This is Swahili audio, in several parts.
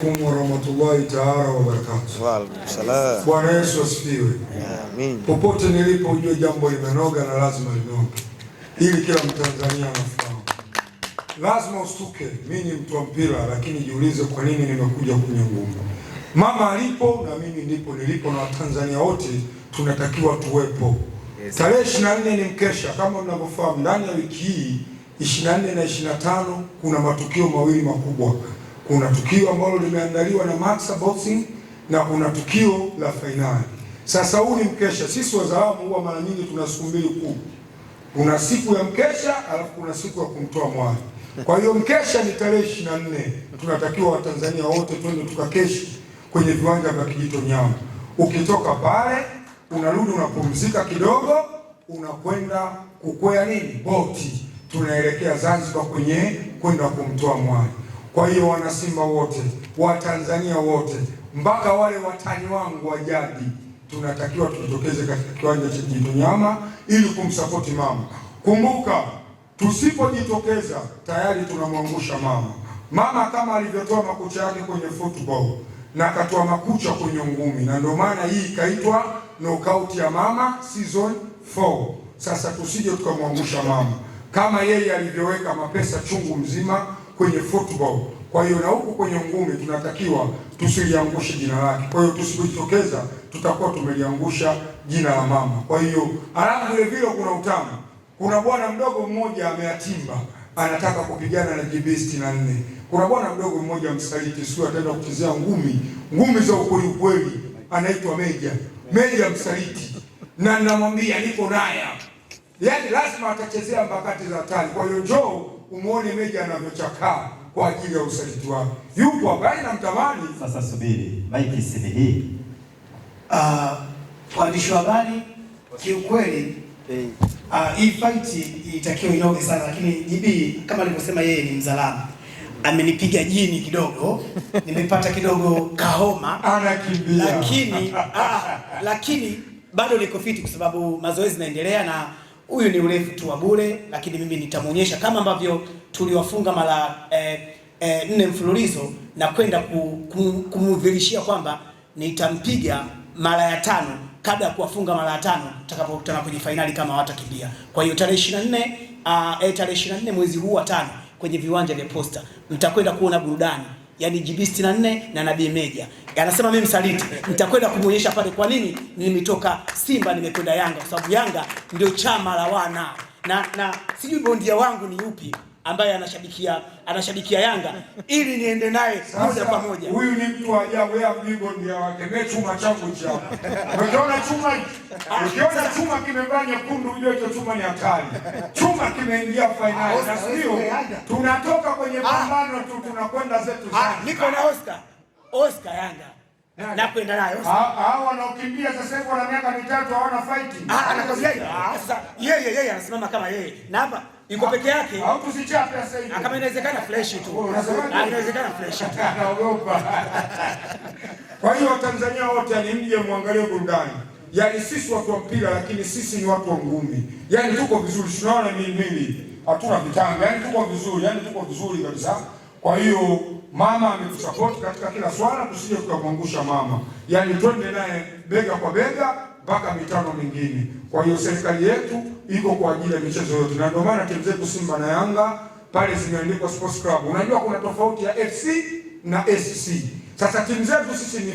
Warahmatullahi taala wabarakatuh. Wa alaykum salaam. Bwana Yesu asifiwe. Amen. Popote nilipo ujue jambo limenoga na lazima linoge, ili kila Mtanzania anafahamu. Lazima usuke. mimi ni mtu wa mpira, lakini jiulize kwa nini nimekuja kwenye ngumu. Mama alipo na mimi ndipo nilipo, na Watanzania wote tunatakiwa tuwepo. Yes. Tarehe 24 ni mkesha, kama mnavyofahamu, ndani ya wiki hii 24 na 25 kuna matukio mawili makubwa kuna tukio ambalo limeandaliwa na Maxa Boxing na kuna tukio la fainali. Sasa huu ni mkesha. Sisi wazalamu huwa mara nyingi tuna siku mbili kuu, kuna siku ya mkesha alafu kuna siku ya kumtoa mwali. Kwa hiyo mkesha ni tarehe ishirini na nne. Tunatakiwa Watanzania wote twende tukakeshi kwenye viwanja vya Kijitonyama. Ukitoka pale unarudi unapumzika kidogo, unakwenda kukwea nini, boti, tunaelekea Zanzibar kwenye kwenda kumtoa mwali. Kwa hiyo wanasimba wote, watanzania wote, mpaka wale watani wangu wa jadi, tunatakiwa tujitokeze katika kiwanja cha Jitonyama ili kumsapoti mama. Kumbuka, tusipojitokeza tayari tunamwangusha mama. Mama kama alivyotoa makucha yake kwenye football na akatoa makucha kwenye ngumi, na ndio maana hii ikaitwa knockout ya mama season 4. Sasa tusije tukamwangusha mama, kama yeye alivyoweka mapesa chungu mzima kwenye football. Kwa hiyo na huku kwenye ngumi tunatakiwa tusiliangushe jina lake. Kwa hiyo tusipojitokeza, tutakuwa tumeliangusha jina la mama. Kwa hiyo halafu vile vile kuna utamu, kuna bwana mdogo mmoja ameatimba anataka kupigana na GB sitini na nne. Kuna bwana mdogo mmoja msaliti, siku ataenda kuchezea ngumi, ngumi za ukweli ukweli, anaitwa Meja Meja msaliti, na namwambia niko naye, yaani lazima atachezea mbakati za tani. Kwa hiyo njoo umuone Meja anavyochakaa kwa ajili ya usaliti wako. Yupo ambaye namtamani sasa. Subiri maiki sini hii. Uh, waandishi wa habari, kiukweli ah, hii uh, fight itakiwa inoge sana, lakini JB kama alivyosema yeye ni mzalamu amenipiga jini kidogo, nimepata kidogo kahoma lakini ah, lakini bado niko fiti kwa sababu mazoezi naendelea na huyu ni urefu tu wa bure, lakini mimi nitamwonyesha kama ambavyo tuliwafunga mara eh, eh, nne mfululizo na kwenda kumdhirishia kwamba nitampiga mara ya tano kabla ya kuwafunga mara ya tano tutakapokutana kwenye fainali kama watakimbia Kwa hiyo tarehe 24 uh, ah, eh, tarehe 24 mwezi huu wa tano kwenye viwanja vya Posta mtakwenda kuona burudani yani GB 64 na Nabii Meja anasema mimi msaliti, nitakwenda kumuonyesha pale kwa nini nimetoka Simba nimekwenda Yanga, kwa sababu Yanga ndio chama la wana na, na sijui bondia wangu ni upi ambaye anashabikia anashabikia Yanga ili niende naye moja kwa moja. Huyu ni mtu wa ajabu, yeye mlingo ndio wake. Mimi chuma changu cha. Unaona chuma, ah. ukiona chuma kimevaa nyekundu ujue hicho chuma ni hatari. Chuma kimeingia finali. Na sio tunatoka kwenye ah. pambano tu tunakwenda zetu. Ah, niko na Oscar. Oscar Yanga na kwenda nayo. Hao wanaokimbia sasa hivi wana miaka mitatu hawana fighting. Ah, anakwambia ah, sasa yeye yeye anasimama kama yeye. Na hapa yuko peke yake. Au tusichape sasa hivi. Na ah, Kama inawezekana flash tu. Oh, ah, inawezekana flash tu. Naogopa. Kwa hiyo Watanzania wote ni mje muangalie burudani. Yaani sisi watu wa mpira lakini sisi ni watu wa ngumi. Yaani tuko vizuri, tunaona mimi mimi. Hatuna vitanga. Yaani tuko vizuri, yaani tuko vizuri kabisa. Kwa hiyo mama ametusapoti katika kila swala, tusije tukamwangusha mama, yani twende naye bega kwa bega mpaka mitano mingine. Kwa hiyo serikali yetu iko kwa ajili ya michezo yote, na ndio maana timu zetu Simba na Yanga pale zimeandikwa sports club. Unajua kuna tofauti ya FC na SC. Sasa timu zetu sisi ni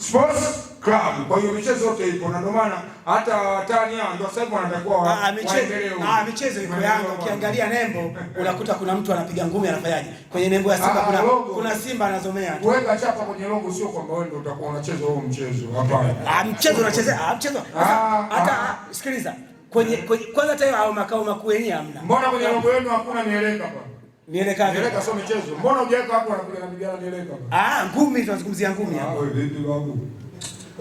sports club. Kwa hiyo michezo yote ipo na ndio maana hata Tania ndio sasa hivi wanatakuwa ah, ah michezo ah michezo iko Yanga. Ukiangalia nembo unakuta kuna mtu anapiga ngumi anafanyaje kwenye nembo ya Simba, ah, kuna kuna simba anazomea tu. Weka chapa kwenye logo, sio kwamba wewe ndio utakuwa unacheza huo mchezo, hapana. Ah, mchezo unachezea ah, mchezo ah, hata sikiliza, kwenye kwanza tayari hao makao makuu yenyewe hamna. Mbona kwenye logo yenu hakuna mieleka hapa? Nielekane. Nieleka sio michezo. Mbona hujaweka hapo unakuja na biblia nieleka? Ah, ngumi tunazungumzia ngumi hapo. Ah,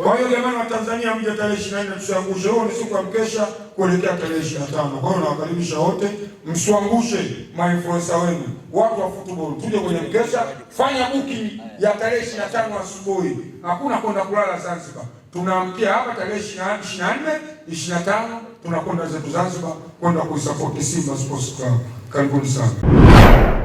Kwa hiyo jamani wa Tanzania mje tarehe 24 tusiangushe. Huo ni siku ya mkesha kuelekea tarehe 25. Kwa hiyo nawakaribisha wote msiangushe mainfluencer wenu. Watu wa football tuje kwenye mkesha, fanya buki ya tarehe 25 asubuhi. Hakuna kwenda kulala Zanzibar. Tunaamkia hapa tarehe 24, 25 tunakwenda zetu Zanzibar kwenda kuisupport Simba Sports Club. Karibuni sana.